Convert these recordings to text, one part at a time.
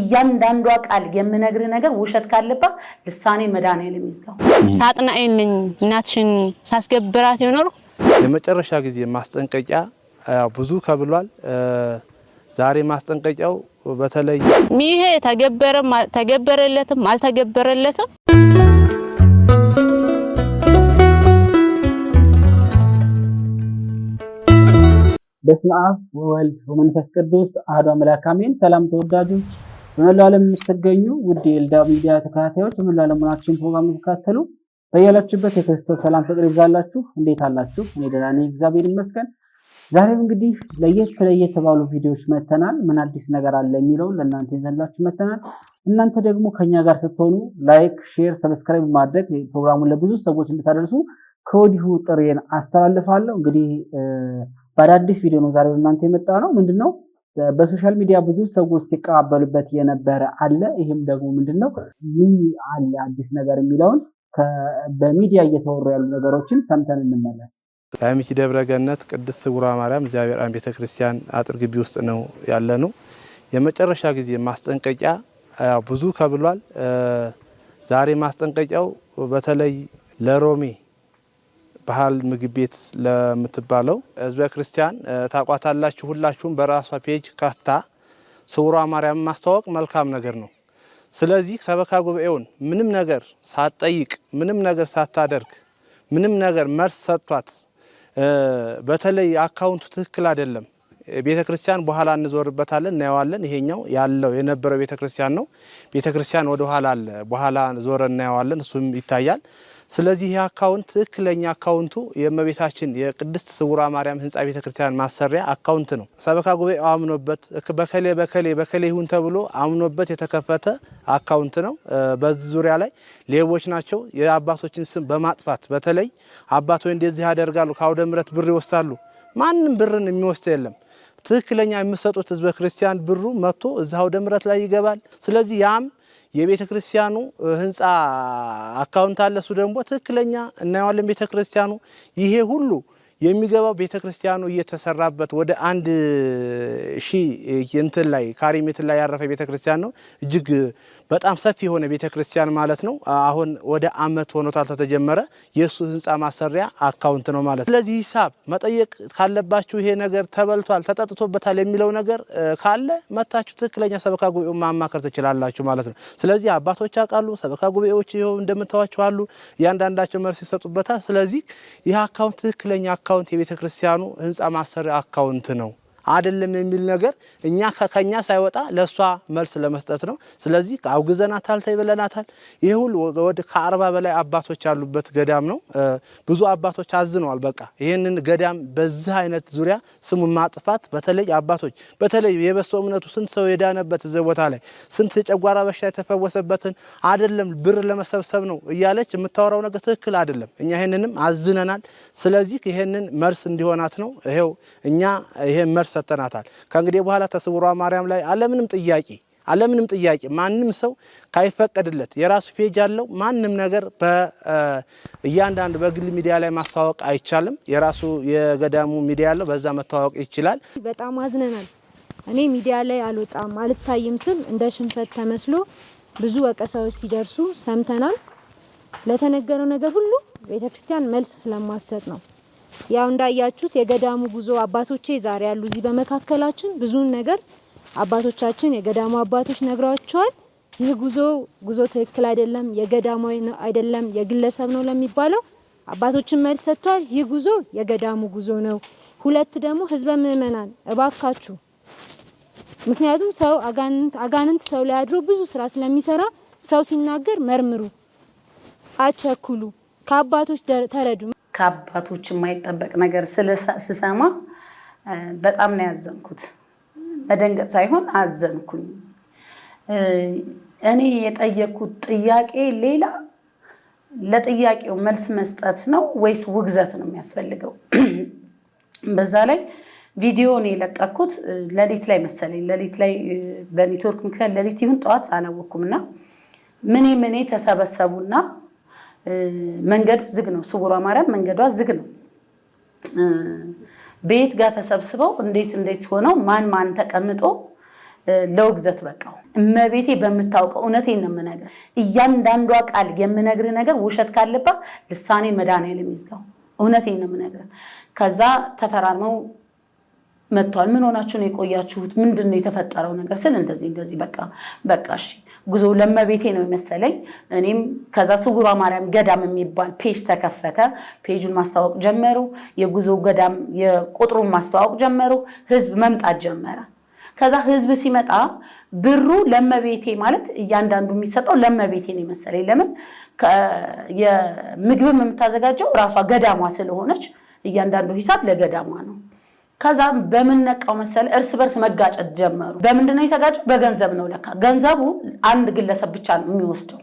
እያንዳንዷ ቃል የምነግር ነገር ውሸት ካለባት ልሳኔን መድኃኒዓለም ይዝጋው። ሳጥናኤል ነኝ። እናትሽን ሳስገብራት የኖሩ የመጨረሻ ጊዜ ማስጠንቀቂያ ብዙ ከብሏል። ዛሬ ማስጠንቀቂያው በተለይ ይሄ ተገበረለትም አልተገበረለትም በስመ አብ ወወልድ ወመንፈስ ቅዱስ አሐዱ አምላክ አሜን። ሰላም ተወዳጆች በመላ ዓለም የምትገኙ ውድ የኤልዳ ሚዲያ ተከታታዮች፣ በመላ ዓለም ሆናችሁን ፕሮግራም ተከታተሉ። በያላችሁበት የክርስቶስ ሰላም ፍቅር ይብዛላችሁ። እንዴት አላችሁ? እኔ ደህና ነኝ፣ እግዚአብሔር ይመስገን። ዛሬም እንግዲህ ለየት ለየት የተባሉ ቪዲዮዎች መተናል። ምን አዲስ ነገር አለ የሚለውን ለእናንተ ይዘንላችሁ መተናል። እናንተ ደግሞ ከኛ ጋር ስትሆኑ ላይክ፣ ሼር፣ ሰብስክራይብ ማድረግ ፕሮግራሙን ለብዙ ሰዎች እንድታደርሱ ከወዲሁ ጥሬን አስተላልፋለሁ። እንግዲህ በአዳዲስ ቪዲዮ ነው ዛሬ እናንተ የመጣ ነው ምንድን ነው በሶሻል ሚዲያ ብዙ ሰዎች ሲቀባበሉበት የነበረ አለ። ይህም ደግሞ ምንድን ነው ይህ አለ አዲስ ነገር የሚለውን በሚዲያ እየተወሩ ያሉ ነገሮችን ሰምተን እንመለስ። ጣይሚች ደብረ ገነት ቅድስት ስጉራ ማርያም እግዚአብሔር አብ ቤተክርስቲያን አጥር ግቢ ውስጥ ነው ያለ ነው። የመጨረሻ ጊዜ ማስጠንቀቂያ ብዙ ከብሏል። ዛሬ ማስጠንቀቂያው በተለይ ለሮሜ ባህል ምግብ ቤት ለምትባለው ህዝበ ክርስቲያን ታቋታላችሁ። ሁላችሁም በራሷ ፔጅ ከፍታ ስውሯ ማርያም ማስተዋወቅ መልካም ነገር ነው። ስለዚህ ሰበካ ጉባኤውን ምንም ነገር ሳትጠይቅ፣ ምንም ነገር ሳታደርግ፣ ምንም ነገር መልስ ሰጥቷት፣ በተለይ አካውንቱ ትክክል አይደለም ቤተ ክርስቲያን በኋላ እንዞርበታለን እናየዋለን። ይሄኛው ያለው የነበረው ቤተ ክርስቲያን ነው። ቤተ ክርስቲያን ወደ ኋላ አለ፣ በኋላ ዞረ እናየዋለን። እሱም ይታያል። ስለዚህ ይህ አካውንት ትክክለኛ አካውንቱ የእመቤታችን የቅድስት ስውራ ማርያም ህንፃ ቤተክርስቲያን ማሰሪያ አካውንት ነው። ሰበካ ጉባኤ አምኖበት በከሌ በከሌ በከሌ ይሁን ተብሎ አምኖበት የተከፈተ አካውንት ነው። በዚህ ዙሪያ ላይ ሌቦች ናቸው የአባቶችን ስም በማጥፋት በተለይ አባት ወይ እንደዚህ ያደርጋሉ፣ ከአውደ ምረት ብር ይወስዳሉ። ማንም ብርን የሚወስድ የለም። ትክክለኛ የምሰጡት ህዝበ ክርስቲያን ብሩ መጥቶ እዚህ አውደ ላይ ይገባል። ስለዚህ ያም የቤተ ክርስቲያኑ ህንፃ አካውንት አለ። እሱ ደግሞ ትክክለኛ እናየዋለን ቤተ ክርስቲያኑ ይሄ ሁሉ የሚገባው ቤተ ክርስቲያኑ እየተሰራበት ወደ አንድ ሺ እንትን ላይ ካሬ ሜትር ላይ ያረፈ ቤተ ክርስቲያን ነው። እጅግ በጣም ሰፊ የሆነ ቤተ ክርስቲያን ማለት ነው። አሁን ወደ አመት ሆኖታል ተተጀመረ። የእሱ ህንፃ ማሰሪያ አካውንት ነው ማለት ነው። ስለዚህ ሂሳብ መጠየቅ ካለባችሁ ይሄ ነገር ተበልቷል፣ ተጠጥቶበታል የሚለው ነገር ካለ መታችሁ ትክክለኛ ሰበካ ጉባኤውን ማማከር ትችላላችሁ ማለት ነው። ስለዚህ አባቶች አውቃሉ፣ ሰበካ ጉባኤዎች ይኸው እንደምታዋቸው አሉ። እያንዳንዳቸው መልስ ይሰጡበታል። ስለዚህ ይህ አካውንት ትክክለኛ አካውንት የቤተ ክርስቲያኑ ህንፃ ማሰሪያ አካውንት ነው። አይደለም የሚል ነገር እኛ ከኛ ሳይወጣ ለእሷ መልስ ለመስጠት ነው። ስለዚህ አውግዘናታል፣ ተይበለናታል። ይህ ሁሉ ወደ ከአርባ በላይ አባቶች ያሉበት ገዳም ነው። ብዙ አባቶች አዝነዋል። በቃ ይህንን ገዳም በዚህ አይነት ዙሪያ ስሙ ማጥፋት በተለይ አባቶች በተለይ የበሶ እምነቱ ስንት ሰው የዳነበት እዚህ ቦታ ላይ ስንት የጨጓራ በሽታ የተፈወሰበትን አይደለም ብር ለመሰብሰብ ነው እያለች የምታወራው ነገር ትክክል አይደለም። እኛ ይህንንም አዝነናል። ስለዚህ ይህንን መልስ እንዲሆናት ነው ይሄው እኛ ይሄን መልስ ሰጠናታል። ከእንግዲህ በኋላ ተስውሯ ማርያም ላይ አለምንም ጥያቄ አለምንም ጥያቄ ማንም ሰው ካይፈቀድለት የራሱ ፔጅ አለው። ማንም ነገር በእያንዳንዱ በግል ሚዲያ ላይ ማስተዋወቅ አይቻልም። የራሱ የገዳሙ ሚዲያ አለው፣ በዛ መተዋወቅ ይችላል። በጣም አዝነናል። እኔ ሚዲያ ላይ አልወጣም አልታይም ስል እንደ ሽንፈት ተመስሎ ብዙ ወቀሳዎች ሲደርሱ ሰምተናል። ለተነገረው ነገር ሁሉ ቤተክርስቲያን መልስ ስለማሰጥ ነው ያው እንዳያችሁት የገዳሙ ጉዞ አባቶቼ ዛሬ ያሉ እዚህ በመካከላችን ብዙን ነገር አባቶቻችን የገዳሙ አባቶች ነግረዋቸዋል። ይህ ጉዞ ጉዞ ትክክል አይደለም፣ የገዳሙ አይደለም፣ የግለሰብ ነው ለሚባለው አባቶችን መልስ ሰጥቷል። ይህ ጉዞ የገዳሙ ጉዞ ነው። ሁለት ደግሞ ህዝበ ምእመናን እባካችሁ፣ ምክንያቱም ሰው አጋንንት አጋንንት ሰው ላይ አድሮ ብዙ ስራ ስለሚሰራ ሰው ሲናገር መርምሩ፣ አቸኩሉ፣ ከአባቶች ተረዱ። ከአባቶች የማይጠበቅ ነገር ስሰማ በጣም ነው ያዘንኩት። መደንገጥ ሳይሆን አዘንኩኝ። እኔ የጠየኩት ጥያቄ ሌላ ለጥያቄው መልስ መስጠት ነው ወይስ ውግዘት ነው የሚያስፈልገው? በዛ ላይ ቪዲዮን የለቀኩት ሌሊት ላይ መሰለኝ፣ ሌሊት ላይ በኔትወርክ ምክንያት ሌሊት ይሁን ጠዋት አላወቅኩም እና ምኔ ምኔ ተሰበሰቡና መንገዱ ዝግ ነው። ስውሯ ማርያም መንገዷ ዝግ ነው። ቤት ጋር ተሰብስበው እንዴት እንዴት ሆነው ማን ማን ተቀምጦ ለውግዘት በቃው። እመቤቴ በምታውቀው እውነቴን ነው እያንዳንዷ ቃል የምነግር ነገር ውሸት ካለባ ልሳኔን መድኃኒዓለም ይዝጋው። እውነቴን ነው ከዛ ተፈራርመው መጥቷል። ምን ሆናችሁ ነው የቆያችሁት? ምንድን ነው የተፈጠረው ነገር ስል እንደዚህ እንደዚህ በቃ በቃ እሺ ጉዞ ለመቤቴ ነው የመሰለኝ። እኔም ከዛ ስውባ ማርያም ገዳም የሚባል ፔጅ ተከፈተ። ፔጁን ማስተዋወቅ ጀመሩ። የጉዞ ገዳም የቁጥሩን ማስተዋወቅ ጀመሩ። ህዝብ መምጣት ጀመረ። ከዛ ህዝብ ሲመጣ ብሩ ለመቤቴ ማለት እያንዳንዱ የሚሰጠው ለመቤቴ ነው የመሰለኝ። ለምን የምግብም የምታዘጋጀው ራሷ ገዳሟ ስለሆነች እያንዳንዱ ሂሳብ ለገዳሟ ነው። ከዛም በምነቃው መሰል እርስ በርስ መጋጨት ጀመሩ። በምንድን ነው የተጋጩ? በገንዘብ ነው። ለካ ገንዘቡ አንድ ግለሰብ ብቻ ነው የሚወስደው።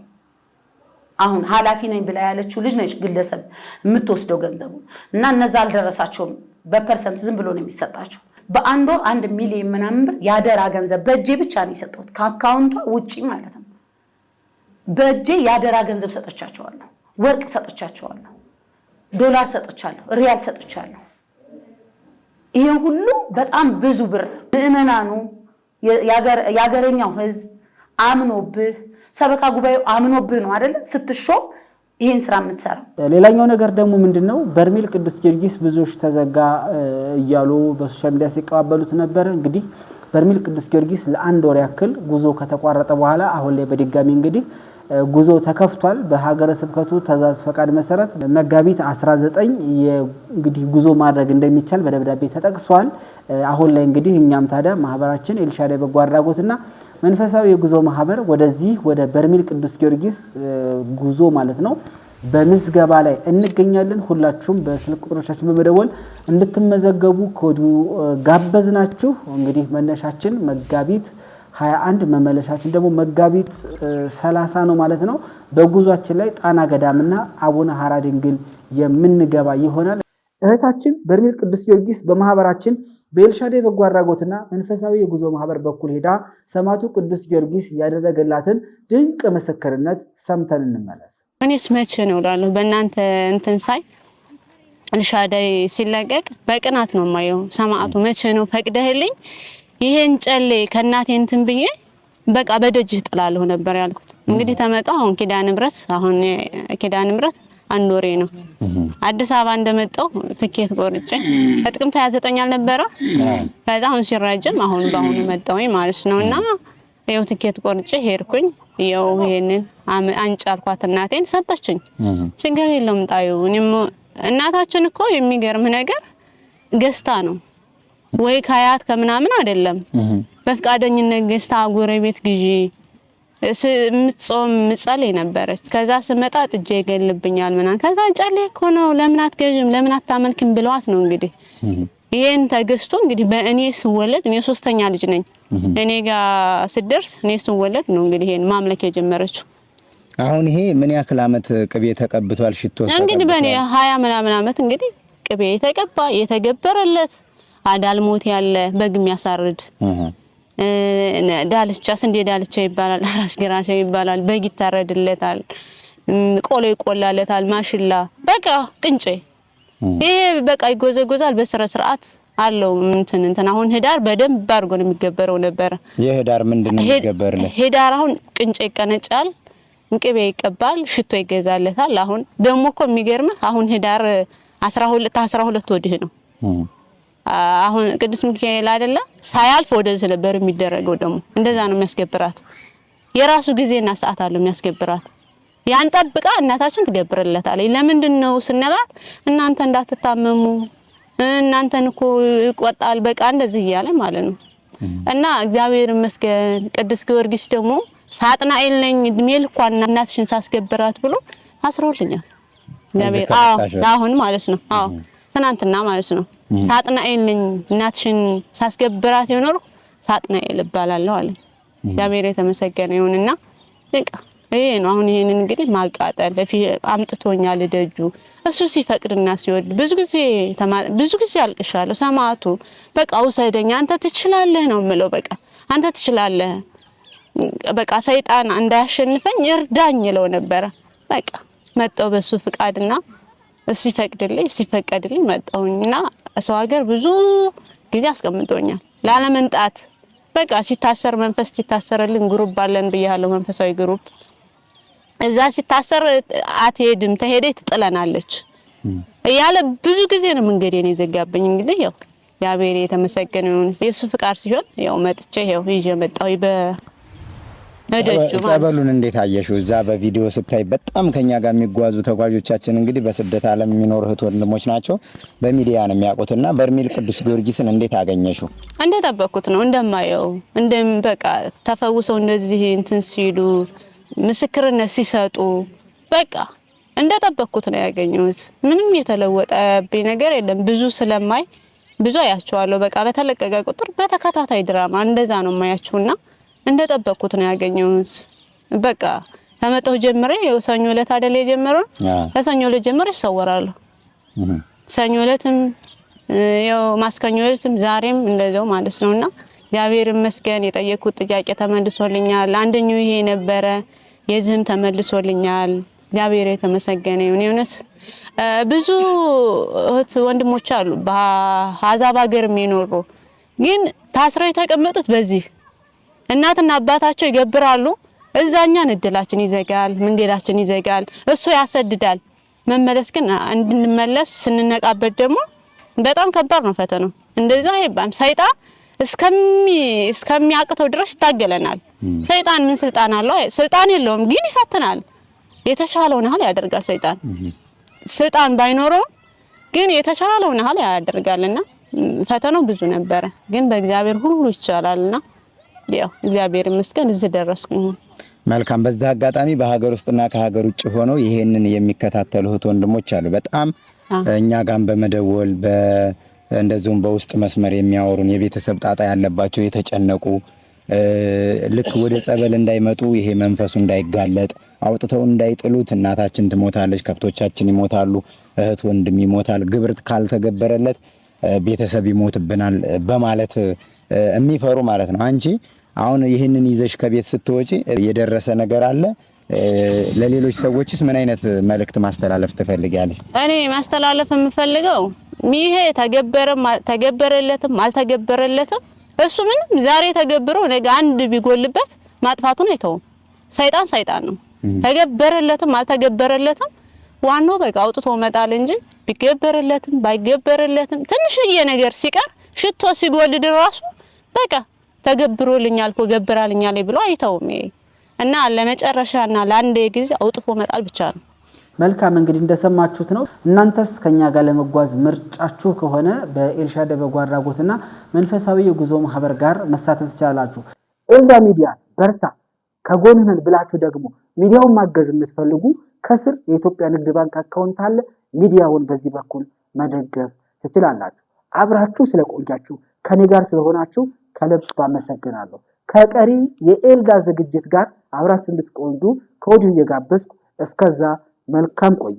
አሁን ኃላፊ ነኝ ብላ ያለችው ልጅ ነች ግለሰብ የምትወስደው ገንዘቡ እና እነዛ አልደረሳቸውም። በፐርሰንት ዝም ብሎ ነው የሚሰጣቸው። በአንድ ወር አንድ ሚሊዮን ምናምን ብር ያደራ ገንዘብ በእጄ ብቻ ነው የሰጠሁት፣ ከአካውንቷ ውጪ ማለት ነው። በእጄ ያደራ ገንዘብ ሰጥቻቸዋለሁ፣ ወርቅ ሰጥቻቸዋለሁ፣ ዶላር ሰጥቻለሁ፣ ሪያል ሰጥቻለሁ። ይሄ ሁሉ በጣም ብዙ ብር ምዕመናኑ የአገረኛው ህዝብ አምኖብህ ሰበካ ጉባኤው አምኖብህ ነው አይደለ ስትሾም ይህን ስራ የምትሰራው። ሌላኛው ነገር ደግሞ ምንድን ነው? በርሜል ቅዱስ ጊዮርጊስ ብዙዎች ተዘጋ እያሉ በሶሻል ሚዲያ ሲቀባበሉት ነበረ። እንግዲህ በርሜል ቅዱስ ጊዮርጊስ ለአንድ ወር ያክል ጉዞ ከተቋረጠ በኋላ አሁን ላይ በድጋሚ እንግዲህ ጉዞ ተከፍቷል። በሀገረ ስብከቱ ትእዛዝ ፈቃድ መሰረት መጋቢት 19 እንግዲህ ጉዞ ማድረግ እንደሚቻል በደብዳቤ ተጠቅሷል። አሁን ላይ እንግዲህ እኛም ታዲያ ማህበራችን ኤልሻዳይ በጎ አድራጎትና መንፈሳዊ የጉዞ ማህበር ወደዚህ ወደ በርሜል ቅዱስ ጊዮርጊስ ጉዞ ማለት ነው በምዝገባ ላይ እንገኛለን። ሁላችሁም በስልክ ቁጥሮቻችን በመደወል እንድትመዘገቡ ከወዲሁ ጋበዝናችሁ። እንግዲህ መነሻችን መጋቢት 21 መመለሻችን ደግሞ መጋቢት 30 ነው ማለት ነው። በጉዟችን ላይ ጣና ገዳምና አቡነ ሀራ ድንግል የምንገባ ይሆናል። እህታችን በርሜል ቅዱስ ጊዮርጊስ በማህበራችን በኤልሻዴ በጎ አድራጎትና መንፈሳዊ የጉዞ ማህበር በኩል ሄዳ ሰማዕቱ ቅዱስ ጊዮርጊስ ያደረገላትን ድንቅ ምስክርነት ሰምተን እንመለስ። እኔስ መቼ ነው እላለሁ በእናንተ እንትን ሳይ ኤልሻዳይ ሲለቀቅ በቅናት ነው የማየው። ሰማዕቱ መቼ ነው ፈቅደህልኝ ይሄን ጨሌ ከእናቴ እንትን ብዬ በቃ በደጅህ ጥላለሁ ነበር ያልኩት። እንግዲህ ተመጣ አሁን ኪዳነ ምሕረት አሁን ኪዳነ ምሕረት አንድ ወሬ ነው አዲስ አበባ እንደመጣው ትኬት ቆርጬ በጥቅምት 29 አልነበረ ከዛ አሁን ሲራጀም አሁን በአሁኑ መጣሁኝ ማለት ነው። እና ይኸው ትኬት ቆርጬ ሄድኩኝ። ይኸው ይሄንን አንጫልኳት እናቴን ሰጠችኝ። ችግር የለውም ጣዩ እናታችን እኮ የሚገርም ነገር ገዝታ ነው ወይ ከአያት ከምናምን አይደለም። በፍቃደኝነት ገዝታ ጎረቤት ግዢ ምጾም ምጸሌ ነበረች። ከዛ ስመጣ ጥጄ ይገልብኛል ምናምን። ከዛ ጨሌ እኮ ነው ለምን አትገዥም ለምን አታመልክም ብለዋት ነው እንግዲህ ይሄን ተገዝቶ እንግዲህ በእኔ ስወለድ እኔ ሶስተኛ ልጅ ነኝ። እኔ ጋር ስደርስ እኔ ስወለድ ነው እንግዲህ ይሄን ማምለክ የጀመረችው። አሁን ይሄ ምን ያክል አመት ቅቤ ተቀብቷል? ሽቶ እንግዲህ በእኔ ሀያ ምናምን አመት እንግዲህ ቅቤ የተቀባ የተገበረለት ዳልሞት ያለ በግ የሚያሳርድ ዳልቻ፣ ስንዴ ዳልቻ ይባላል። አራሽ ገራሻ ይባላል። በግ ይታረድለታል፣ ቆሎ ይቆላለታል። ማሽላ በቃ ቅንጬ ይሄ በቃ ይጎዘጎዛል። በስረ ስርዓት አለው እንትን እንትን አሁን ህዳር በደንብ አድርጎ ነው የሚገበረው ነበረ። የህዳር ምንድን ነው የሚገበርለት? ህዳር አሁን ቅንጨ ይቀነጫል፣ እንቅቤ ይቀባል፣ ሽቶ ይገዛለታል። አሁን ደግሞ እኮ የሚገርምህ አሁን ህዳር አስራ ሁለት ወዲህ ነው አሁን ቅዱስ ሚካኤል አይደለ ሳያልፍ ወደዚህ ነበር የሚደረገው። ደግሞ እንደዛ ነው የሚያስገብራት። የራሱ ጊዜና ሰዓት አለው የሚያስገብራት። ያን ጠብቃ እናታችን ትገብርለታለች። ለምንድን ነው ስንላት እናንተ እንዳትታመሙ እናንተን እኮ ይቆጣል በቃ እንደዚህ እያለ ማለት ነው። እና እግዚአብሔር ይመስገን ቅዱስ ጊዮርጊስ ደግሞ ሳጥናኤል ነኝ እድሜ ልኳን እናትሽን ሳስገብራት ብሎ አስረውልኛል እግዚአብሔር። አዎ አሁን ማለት ነው። አዎ ትናንትና ማለት ነው። ሳጥናኤል ነኝ እናትሽን ሳስገብራት የኖርኩ ሳጥናኤል እባላለሁ አለ። እግዚአብሔር የተመሰገነ ይሁንና በቃ ይሄ ነው አሁን ይሄንን እንግዲህ ማቃጠል አምጥቶኛል ደጁ እሱ ሲፈቅድና ሲወድ ብዙ ጊዜ ብዙ ጊዜ አልቅሻለሁ። ሰማዕቱ በቃ ውሰደኝ አንተ ትችላለህ ነው የምለው። በቃ አንተ ትችላለህ በቃ ሰይጣን እንዳያሸንፈኝ እርዳኝ ይለው ነበረ። በቃ መጣው በሱ ፍቃድና ሲፈቅድልኝ ሲፈቀድልኝ መጣሁኝ እና ሰው ሀገር ብዙ ጊዜ አስቀምጦኛል ላለመንጣት በቃ ሲታሰር መንፈስ ሲታሰርልን ግሩፕ አለን ብያለሁ መንፈሳዊ ግሩፕ እዛ ሲታሰር አትሄድም ተሄደች ትጥለናለች እያለ ብዙ ጊዜ ነው መንገዴን የዘጋብኝ እንግዲህ ያው እግዚአብሔር የተመሰገነ ይሁን የእሱ ፍቃድ ሲሆን ያው መጥቼ ያው ይዤ መጣሁ ጸበሉን እንዴት አየሽው? እዛ በቪዲዮ ስታይ በጣም ከኛ ጋር የሚጓዙ ተጓዦቻችን እንግዲህ በስደት ዓለም የሚኖር እህት ወንድሞች ናቸው። በሚዲያ ነው የሚያውቁትና በርሜል ቅዱስ ጊዮርጊስን እንዴት አገኘሽው? እንደጠበቅኩት ነው። እንደማየው እንደም በቃ ተፈውሰው እንደዚህ እንትን ሲሉ ምስክርነት ሲሰጡ በቃ እንደጠበቅኩት ነው ያገኘሁት። ምንም የተለወጠብኝ ነገር የለም። ብዙ ስለማይ ብዙ አያቸዋለሁ። በቃ በተለቀቀ ቁጥር በተከታታይ ድራማ እንደዛ ነው የማያቸውና እንደጠበቅኩት ነው ያገኘሁት። በቃ ከመጣሁ ጀምሬ ሰኞ ዕለት አይደል የጀመረው፣ ከሰኞ ዕለት ጀምሬ ይሰወራሉ ሰኞ ዕለትም ያው ማስከኞ ዕለትም ዛሬም እንደዛው ማለት ነውና እግዚአብሔር ይመስገን የጠየቅኩት ጥያቄ ተመልሶልኛል። አንደኛው ይሄ ነበረ፣ የዚህም ተመልሶልኛል። እግዚአብሔር የተመሰገነ ይሁን። የእውነት ብዙ እህት ወንድሞች አሉ በሀዛብ ሀገር የሚኖሩ ግን ታስረው የተቀመጡት በዚህ እናትና አባታቸው ይገብራሉ። እዛኛን እድላችን ይዘጋል፣ መንገዳችን ይዘጋል፣ እሱ ያሰድዳል። መመለስ ግን እንድንመለስ ስንነቃበት ደግሞ በጣም ከባድ ነው ፈተናው። እንደዛ አይባም ሰይጣን እስከሚያቅተው ድረስ ይታገለናል። ሰይጣን ምን ስልጣን አለው? ስልጣን የለውም፣ ግን ይፈትናል። የተቻለውን ያህል ያደርጋል። ሰይጣን ስልጣን ባይኖረውም ግን የተቻለውን ያህል ያደርጋልና ፈተናው ብዙ ነበረ፣ ግን በእግዚአብሔር ሁሉ ይቻላልና ያው እግዚአብሔር ይመስገን እዚህ ደረስኩኝ። መልካም። በዛ አጋጣሚ በሀገር ውስጥና ከሀገር ውጭ ሆነው ይሄንን የሚከታተሉ እህት ወንድሞች አሉ። በጣም እኛ ጋም በመደወል እንደዚሁም በውስጥ መስመር የሚያወሩን የቤተሰብ ጣጣ ያለባቸው የተጨነቁ ልክ ወደ ጸበል እንዳይመጡ ይሄ መንፈሱ እንዳይጋለጥ አውጥተው እንዳይጥሉት፣ እናታችን ትሞታለች፣ ከብቶቻችን ይሞታሉ፣ እህት ወንድም ይሞታል፣ ግብር ካልተገበረለት ቤተሰብ ይሞትብናል በማለት የሚፈሩ ማለት ነው። አንቺ አሁን ይህንን ይዘሽ ከቤት ስትወጪ የደረሰ ነገር አለ? ለሌሎች ሰዎችስ ምን አይነት መልእክት ማስተላለፍ ትፈልጊያለሽ? እኔ ማስተላለፍ የምፈልገው ይሄ ተገበረም ተገበረለትም አልተገበረለትም እሱ ምንም ዛሬ ተገብሮ ነገ አንድ ቢጎልበት ማጥፋቱን አይተውም። ሰይጣን ሰይጣን ነው። ተገበረለትም አልተገበረለትም ዋናው በቃ አውጥቶ መጣል እንጂ ቢገበረለትም ባይገበረለትም ትንሽዬ ነገር ሲቀር ሽቶ ሲጎልድ ራሱ በቃ ተገብሮልኛል እኮ ገብራልኛል ብሎ አይተውም። ይሄ እና ለመጨረሻና ለአንድ ጊዜ አውጥፎ መጣል ብቻ ነው። መልካም እንግዲህ እንደሰማችሁት ነው። እናንተስ ከኛ ጋር ለመጓዝ ምርጫችሁ ከሆነ በኤልሻዳይ በጎ አድራጎትና መንፈሳዊ የጉዞ ማህበር ጋር መሳተፍ ትችላላችሁ። ኤልዳ ሚዲያ በርታ ከጎንህ ነን ብላችሁ ደግሞ ሚዲያውን ማገዝ የምትፈልጉ ከስር የኢትዮጵያ ንግድ ባንክ አካውንት አለ። ሚዲያውን በዚህ በኩል መደገፍ ትችላላችሁ። አብራችሁ ስለቆያችሁ ከኔ ጋር ስለሆናችሁ ከልብ አመሰግናለሁ። ከቀሪ የኤልጋ ዝግጅት ጋር አብራችሁ እንድትቆዩ ከወዲሁ እየጋበዝኩ እስከዛ መልካም ቆዩ።